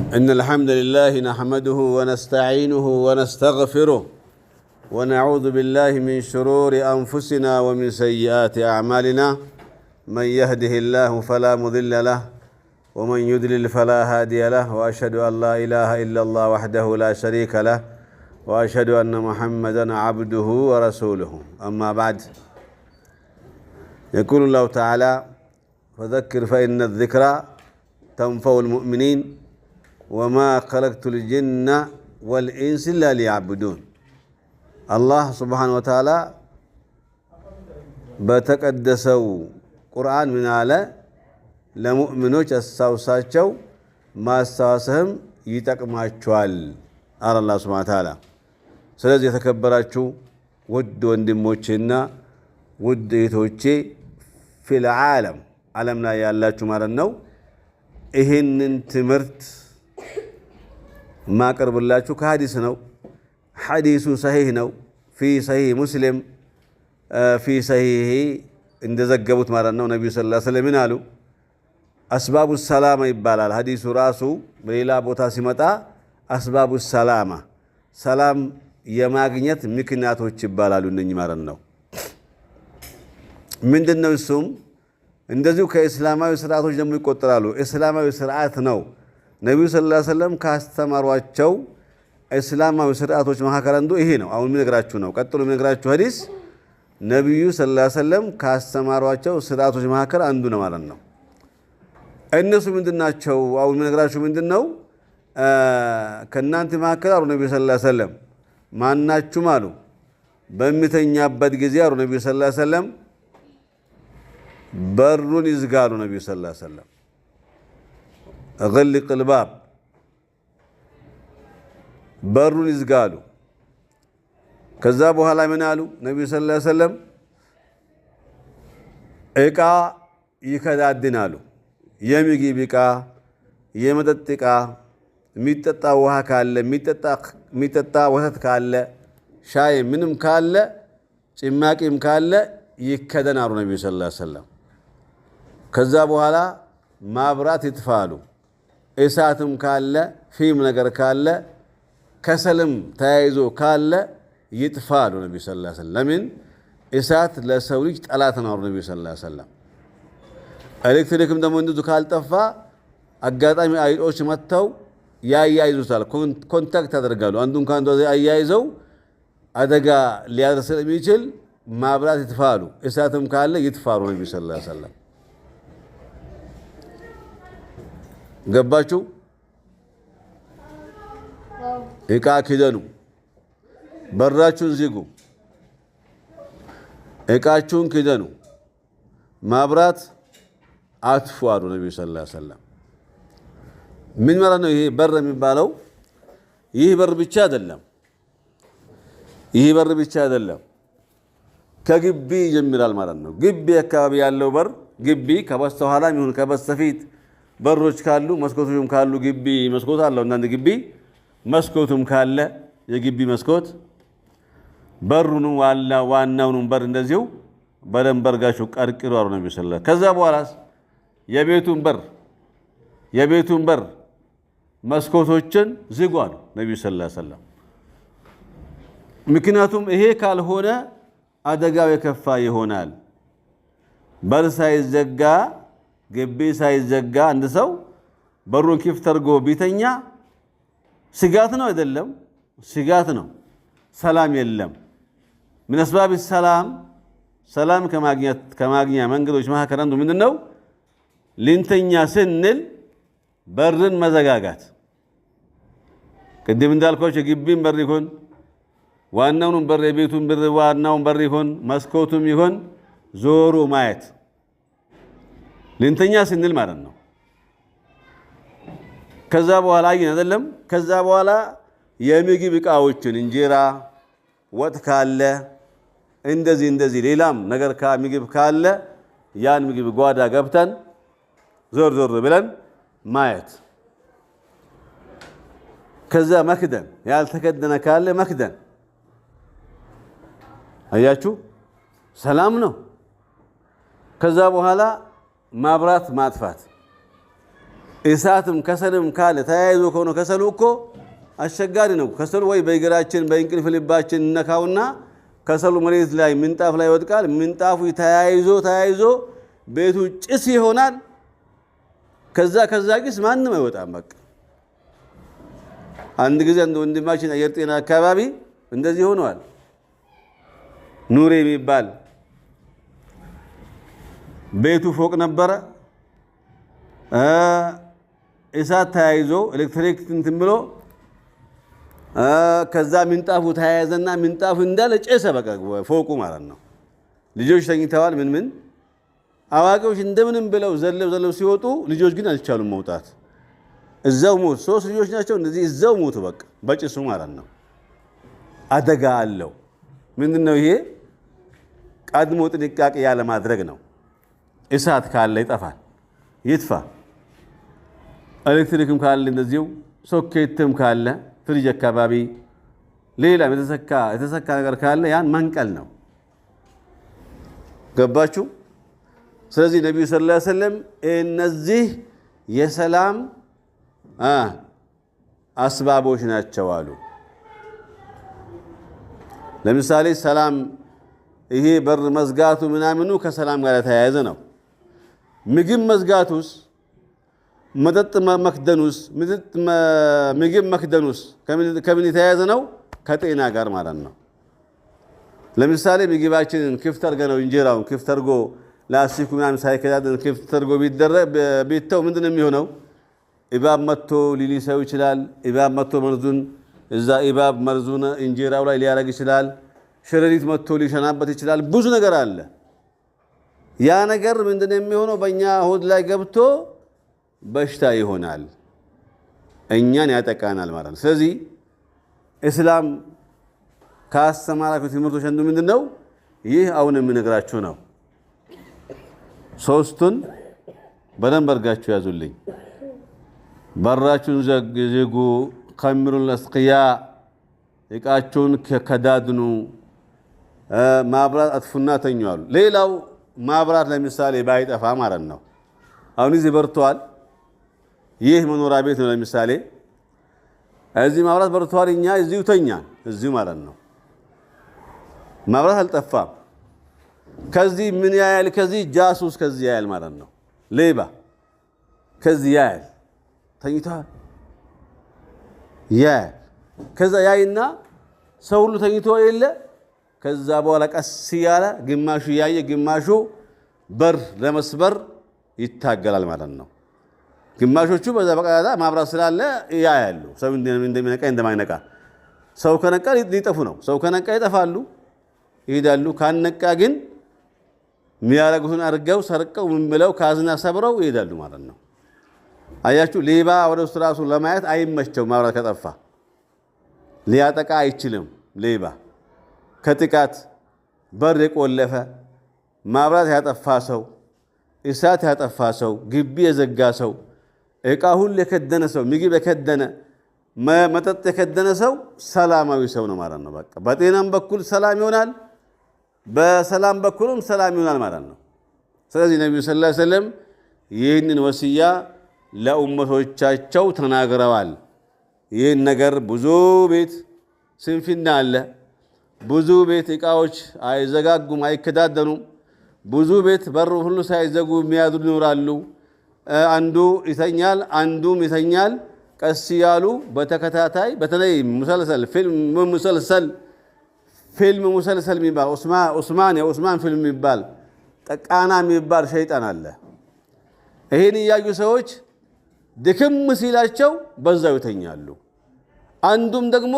إن الحمد لله نحمده ونستعينه ونستغفره ونعوذ بالله من شرور أنفسنا ومن سيئات أعمالنا من يهده الله فلا مضل له ومن يدلل فلا هادي له وأشهد أن لا إله إلا الله وحده لا شريك له وأشهد أن محمدا عبده ورسوله أما بعد يقول الله تعالى فذكر فإن الذكرى تنفع المؤمنين ወማ ከለቅቱል ጅና ወልኢንስ ኢላ ሊያብዱን። አላህ ስብሓነሁ ወተዓላ በተቀደሰው ቁርአን ምን አለ? ለሙእምኖች አስታውሳቸው፣ ማስታወስህም ይጠቅማቸዋል አለ አላህ ስብሓነሁ ወተዓላ። ስለዚህ የተከበራችሁ ውድ ወንድሞቼና ውድ እህቶቼ ፊል ዓለም ላይ ያላችሁ ማለት ነው ይህንን ትምህርት የማቀርብላችሁ ከሀዲስ ነው። ሀዲሱ ሰሂህ ነው። ፊ ሰሂህ ሙስሊም ፊ ሰሂህ እንደዘገቡት ማለት ነው። ነቢዩ ሰለላሁ ዐለይሂ አሉ? አስባቡ ሰላማ ይባላል ሀዲሱ ራሱ። በሌላ ቦታ ሲመጣ አስባቡ ሰላማ ሰላም የማግኘት ምክንያቶች ይባላሉ እነኝ ማለት ነው። ምንድን ነው? እሱም እንደዚሁ ከእስላማዊ ስርዓቶች ደግሞ ይቆጠራሉ። እስላማዊ ስርዓት ነው ነቢዩ ስ ላ ወሰለም ካስተማሯቸው እስላማዊ ስርዓቶች መካከል አንዱ ይሄ ነው። አሁን የሚነግራችሁ ነው። ቀጥሎ የሚነግራችሁ ሀዲስ ነቢዩ ስ ላ ወሰለም ካስተማሯቸው ስርዓቶች መካከል አንዱ ነው ማለት ነው። እነሱ ናቸው? አሁን የሚነግራችሁ ምንድን ነው? ከእናንተ መካከል አሉ ነቢዩ ስ ላ ወሰለም ማናችሁም አሉ በሚተኛበት ጊዜ አሉ ነቢዩ ስ ላ ወሰለም በሩን ይዝጋሉ ነቢዩ ስ ላ ወሰለም እغልቅ ልባብ በሩን ይዝጋሉ። ከዛ በኋላ ምን አሉ ነቢዩ ስ ሰለም ዕቃ ይከዳድናሉ። የምግብ እቃ፣ የመጠጥ እቃ የሚጠጣ ውሃ ካለ፣ የሚጠጣ ወተት ካለ፣ ሻይ ምንም ካለ፣ ጭማቂም ካለ ይከደናሉ ነቢዩ ስ ሰለም። ከዛ በኋላ ማብራት ይጥፋሉ። እሳትም ካለ ፊም ነገር ካለ ከሰልም ተያይዞ ካለ ይጥፋ አሉ ነቢ ስ ለምን እሳት ለሰው ልጅ ጠላት ነው አሉ ነቢ ስ ሰለም። ኤሌክትሪክም ደግሞ እንዲዙ ካልጠፋ አጋጣሚ አይጦች መጥተው ያያይዙታል፣ ኮንታክት ያደርጋሉ። አንዱን ከአንዱ አያይዘው አደጋ ሊያደርስ ስለሚችል ማብራት ይጥፋ አሉ። እሳትም ካለ ይጥፋ አሉ ነቢ ስ ሰለም። ገባችሁ? እቃ ክደኑ፣ በራችሁን ዝጉ፣ እቃችሁን ክደኑ፣ ማብራት አትፉ አሉ ነቢዩ ሰለላሁ ዐለይሂ ወሰለም። ምን ማለት ነው ይሄ በር የሚባለው? ይህ በር ብቻ አይደለም። ይህ በር ብቻ አይደለም፣ ከግቢ ይጀምራል ማለት ነው። ግቢ አካባቢ ያለው በር ግቢ ከበስተኋላ ይሁን ከበስተፊት በሮች ካሉ መስኮቶችም ካሉ ግቢ መስኮት አለው። አንዳንድ ግቢ መስኮቱም ካለ የግቢ መስኮት በሩኑ ዋላ ዋናውንም በር እንደዚሁ በደንብ በርጋሹ ቀርቅሩ አሉ ነቢ ስላ ከዛ በኋላስ የቤቱን በር የቤቱን በር መስኮቶችን ዝጉ አሉ ነቢዩ ስላ ሰለም። ምክንያቱም ይሄ ካልሆነ አደጋው የከፋ ይሆናል። በር ሳይዘጋ ግቢ ሳይዘጋ አንድ ሰው በሩን ክፍት አድርጎ ቢተኛ ስጋት ነው አይደለም? ስጋት ነው። ሰላም የለም። ምን አስባብ ሰላም ሰላም ከማግኛ መንገዶች መካከል አንዱ ምንድን ነው? ልንተኛ ስንል በርን መዘጋጋት። ቅድም እንዳልኳቸው የግቢም በር ይሁን ዋናውንም በር የቤቱን በር ዋናውን በር ይሆን መስኮቱም ይሆን ዞሩ ማየት ልንተኛ ስንል ማለት ነው። ከዛ በኋላ ግን አይደለም። ከዛ በኋላ የምግብ እቃዎችን እንጀራ፣ ወጥ ካለ እንደዚህ እንደዚህ ሌላም ነገር ምግብ ካለ ያን ምግብ ጓዳ ገብተን ዞር ዞር ብለን ማየት፣ ከዛ መክደን፣ ያልተከደነ ካለ መክደን። አያችሁ፣ ሰላም ነው። ከዛ በኋላ ማብራት ማጥፋት እሳትም ከሰልም ካለ ተያይዞ ከሆነ ከሰሉ እኮ አስቸጋሪ ነው። ከሰሉ ወይ በእግራችን በእንቅልፍ ልባችን እነካውና ከሰሉ መሬት ላይ ምንጣፍ ላይ ይወጥቃል። ምንጣፉ ተያይዞ ተያይዞ ቤቱ ጭስ ይሆናል። ከዛ ከዛ ጭስ ማንም አይወጣም። በቃ አንድ ጊዜ አንድ ወንድማችን አየር ጤና አካባቢ እንደዚህ ሆነዋል። ኑሬ የሚባል ቤቱ ፎቅ ነበረ። እሳት ተያይዞ ኤሌክትሪክ እንትን ብሎ ከዛ ምንጣፉ ተያያዘና ምንጣፉ እንዳለ ጨሰ። በቃ ፎቁ ማለት ነው። ልጆች ተኝተዋል። ምን ምን አዋቂዎች እንደምንም ብለው ዘለው ዘለው ሲወጡ ልጆች ግን አልቻሉም መውጣት። እዛው ሞት። ሶስት ልጆች ናቸው እንደዚህ እዛው ሞቱ። በቃ በጭሱ ማለት ነው። አደጋ አለው። ምንድን ነው ይሄ? ቀድሞ ጥንቃቄ ያለማድረግ ነው። እሳት ካለ ይጠፋል፣ ይጥፋ። ኤሌክትሪክም ካለ እንደዚሁ፣ ሶኬትም ካለ ፍሪጅ አካባቢ፣ ሌላም የተሰካ ነገር ካለ ያን መንቀል ነው። ገባችሁ? ስለዚህ ነቢዩ ስ ላ ሰለም እነዚህ የሰላም አስባቦች ናቸው አሉ። ለምሳሌ ሰላም ይሄ በር መዝጋቱ ምናምኑ ከሰላም ጋር የተያያዘ ነው። ምግብ መዝጋቱስ፣ መጠጥ መክደኑስ፣ ምግብ መክደኑስ ከምን የተያያዘ ነው? ከጤና ጋር ማለት ነው። ለምሳሌ ምግባችንን ክፍት አድርገነው እንጀራውን ክፍት አድርጎ ላስቲኩ ምናምን ሳይከዳደን ክፍት አድርጎ ቢተው ምንድን የሚሆነው? እባብ መጥቶ ሊሊሰው ይችላል። እባብ መጥቶ መርዙን እዛ እባብ መርዙን እንጀራው ላይ ሊያደርግ ይችላል። ሸረሪት መጥቶ ሊሸናበት ይችላል። ብዙ ነገር አለ። ያ ነገር ምንድን የሚሆነው በእኛ ሆድ ላይ ገብቶ በሽታ ይሆናል፣ እኛን ያጠቃናል ማለት ነው። ስለዚህ እስላም ካስተማራቸው ትምህርቶች አንዱ ምንድን ነው? ይህ አሁን የምነግራችሁ ነው። ሶስቱን በደንብ አድርጋችሁ ያዙልኝ። በራችሁን ዝጉ፣ ከሚሩል አስቅያ እቃችሁን ከዳድኑ፣ ማብራት አጥፉና ተኙ አሉ። ሌላው ማብራት ለምሳሌ ባይጠፋ ማለት ነው። አሁን እዚህ በርቷል፣ ይህ መኖሪያ ቤት ነው። ለምሳሌ እዚህ ማብራት በርቷል፣ እኛ እዚሁ ተኛን፣ እዚሁ ማለት ነው። ማብራት አልጠፋም። ከዚህ ምን ያያል? ከዚህ ጃሱስ ከዚህ ያያል ማለት ነው። ሌባ ከዚህ ያያል፣ ተኝቷል ያያል። ከዛ ያይና ሰው ሁሉ ተኝቶ የለ ከዛ በኋላ ቀስ እያለ ግማሹ እያየ ግማሹ በር ለመስበር ይታገላል ማለት ነው። ግማሾቹ በዛ በቀዳዳ ማብራት ስላለ ያያሉ። ሰው እንደሚነቃ እንደማይነቃ ሰው ከነቃ ሊጠፉ ነው። ሰው ከነቃ ይጠፋሉ፣ ይሄዳሉ። ካነቃ ግን የሚያደርጉትን አድርገው ሰርቀው ምን ብለው ካዝና ሰብረው ይሄዳሉ ማለት ነው። አያችሁ፣ ሌባ ወደ ውስጥ ራሱ ለማየት አይመቸው። ማብራት ከጠፋ ሊያጠቃ አይችልም ሌባ ከጥቃት በር የቆለፈ ማብራት ያጠፋ ሰው፣ እሳት ያጠፋ ሰው፣ ግቢ የዘጋ ሰው፣ እቃ ሁሉ የከደነ ሰው፣ ምግብ የከደነ መጠጥ የከደነ ሰው ሰላማዊ ሰው ነው ማለት ነው። በቃ በጤናም በኩል ሰላም ይሆናል፣ በሰላም በኩልም ሰላም ይሆናል ማለት ነው። ስለዚህ ነቢዩ ስ ላ ወሰለም ይህንን ወስያ ለኡመቶቻቸው ተናግረዋል። ይህን ነገር ብዙ ቤት ስንፍና አለ። ብዙ ቤት እቃዎች አይዘጋጉም፣ አይከዳደኑም። ብዙ ቤት በሩ ሁሉ ሳይዘጉ የሚያድሩ ይኖራሉ። አንዱ ይተኛል፣ አንዱም ይተኛል። ቀስ እያሉ በተከታታይ በተለይ ሙሰልሰል ፊልም ሙሰልሰል ፊልም ሙሰልሰል የሚባል ኡስማን የኡስማን ፊልም የሚባል ጠቃና የሚባል ሸይጣን አለ። ይህን እያዩ ሰዎች ድክም ሲላቸው በዛው ይተኛሉ። አንዱም ደግሞ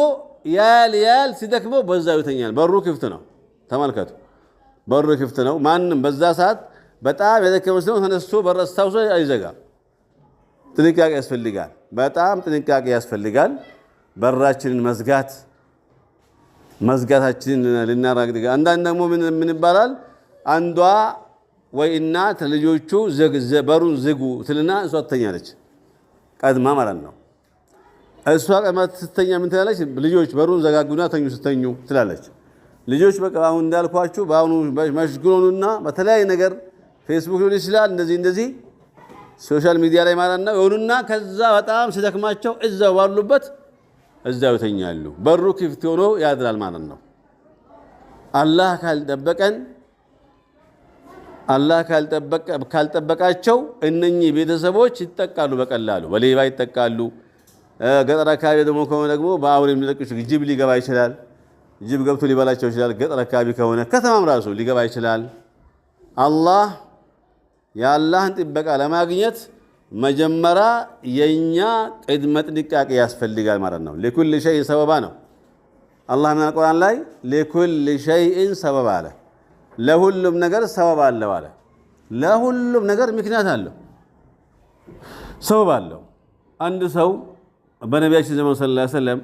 ያል ያል ሲደክመው በዛው ይተኛል። በሩ ክፍት ነው። ተመልከቱ፣ በሩ ክፍት ነው። ማንም በዛ ሰዓት በጣም የደከመ ሲሆን ተነስቶ በር አስታውሶ አይዘጋም። ጥንቃቄ ያስፈልጋል። በጣም ጥንቃቄ ያስፈልጋል። በራችንን መዝጋት መዝጋታችንን ልናራግድ አንዳንድ ደግሞ ምን ይባላል? አንዷ ወይ እናት ልጆቹ በሩን ዝጉ ትልና እሷ ትተኛለች ቀድማ ማለት ነው። እሷ ቀማት ስተኛ ምን ትላለች? ልጆች በሩን ዘጋጉና ተኙ ስተኙ ትላለች። ልጆች በቃ አሁን እንዳልኳችሁ በአሁኑ መሽግሎኑና በተለያየ ነገር ፌስቡክ ሊሆን ይችላል እንደዚህ እንደዚህ ሶሻል ሚዲያ ላይ ማለት ነው የሆኑና ከዛ በጣም ሲደክማቸው እዛው ባሉበት እዛው ይተኛሉ። በሩ ክፍት ሆኖ ያድራል ማለት ነው። አላህ ካልጠበቀን አላህ ካልጠበቃቸው እነኚህ ቤተሰቦች ይጠቃሉ፣ በቀላሉ በሌባ ይጠቃሉ። ገጠር አካባቢ ደግሞ ከሆነ ደግሞ በአውሬ የሚለቅ ጅብ ሊገባ ይችላል። ጅብ ገብቶ ሊበላቸው ይችላል። ገጠር አካባቢ ከሆነ ከተማም ራሱ ሊገባ ይችላል። አላህ የአላህን ጥበቃ ለማግኘት መጀመሪያ የእኛ ቅድመ ጥንቃቄ ያስፈልጋል ማለት ነው። ሊኩል ሸይ ሰበባ ነው። አላህ ምና አልቁርአን ላይ ሊኩል ሸይን ሰበባ አለ። ለሁሉም ነገር ሰበብ አለው አለ። ለሁሉም ነገር ምክንያት አለው፣ ሰበብ አለው። አንድ ሰው በነቢያችን ዘመን ስለ ሰለም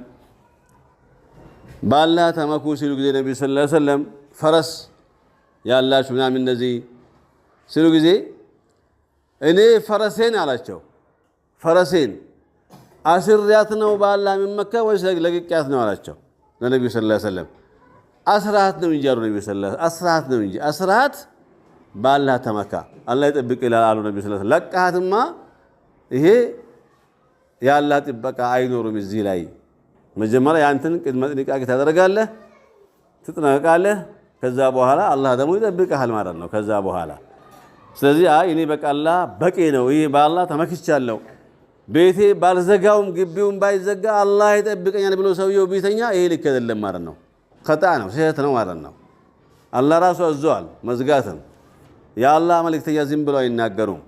በአላህ ተመኩ ሲሉ ጊዜ ነቢ ስለ ሰለም ፈረስ ያላችሁ ምናምን እነዚህ ሲሉ ጊዜ እኔ ፈረሴን አላቸው። ፈረሴን አስርያት ነው በአላህ የሚመካ ወይስ ለቅቄያት ነው አላቸው። ለነቢዩ ስለ ሰለም አስራት ነው እንጂ አሉ። ነቢ አስራት ነው እንጂ አስራት ባላ ተመካ አላህ ይጠብቅ ይላል አሉ ነቢ ስለ ለቅቃትማ ይሄ ያላ ጥበቃ አይኖሩም። እዚህ ላይ መጀመሪያ ያንተን ቅድመ ጥንቃቄ ታደርጋለህ፣ ትጠነቀቃለህ። ከዛ በኋላ አላህ ደግሞ ይጠብቅሃል ማለት ነው። ከዛ በኋላ ስለዚህ አይ እኔ በቃላ አላህ በቂ ነው፣ ይሄ በአላህ ተመክቻለሁ፣ ቤቴ ባልዘጋውም ግቢውም ባይዘጋ አላህ ይጠብቀኛል ብሎ ሰውየው ቤተኛ ይሄ ልክ አይደለም ማለት ነው። ከጣ ነው፣ ስህተት ነው ማለት ነው። አላህ ራሱ አዟል መዝጋትም። የአላህ መልእክተኛ ዝም ብሎ አይናገሩም።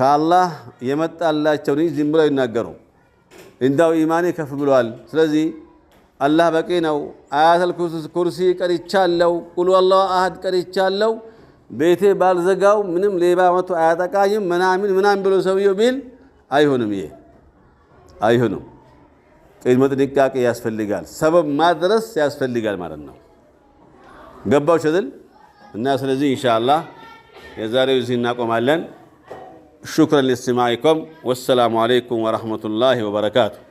ከአላህ የመጣላቸው እንጂ ዝም ብለው ይናገሩ። እንዳው ኢማኔ ከፍ ብሏል፣ ስለዚህ አላህ በቂ ነው፣ አያተል ኩርሲ ቀርቻለሁ፣ ቁል ወላሁ አሀድ ቀርቻለሁ፣ ቤቴ ባልዘጋው ምንም ሌባ መቶ አያጠቃኝም ምናምን ምናምን ብሎ ሰውየው ቢል አይሆንም። ይሄ አይሆንም። ቅድመ ጥንቃቄ ያስፈልጋል። ሰበብ ማድረስ ያስፈልጋል ማለት ነው። ገባው ሸድል እና ስለዚህ ኢንሻአላህ የዛሬው እዚህ እናቆማለን። شكرا لاستماعكم والسلام عليكم ورحمة الله وبركاته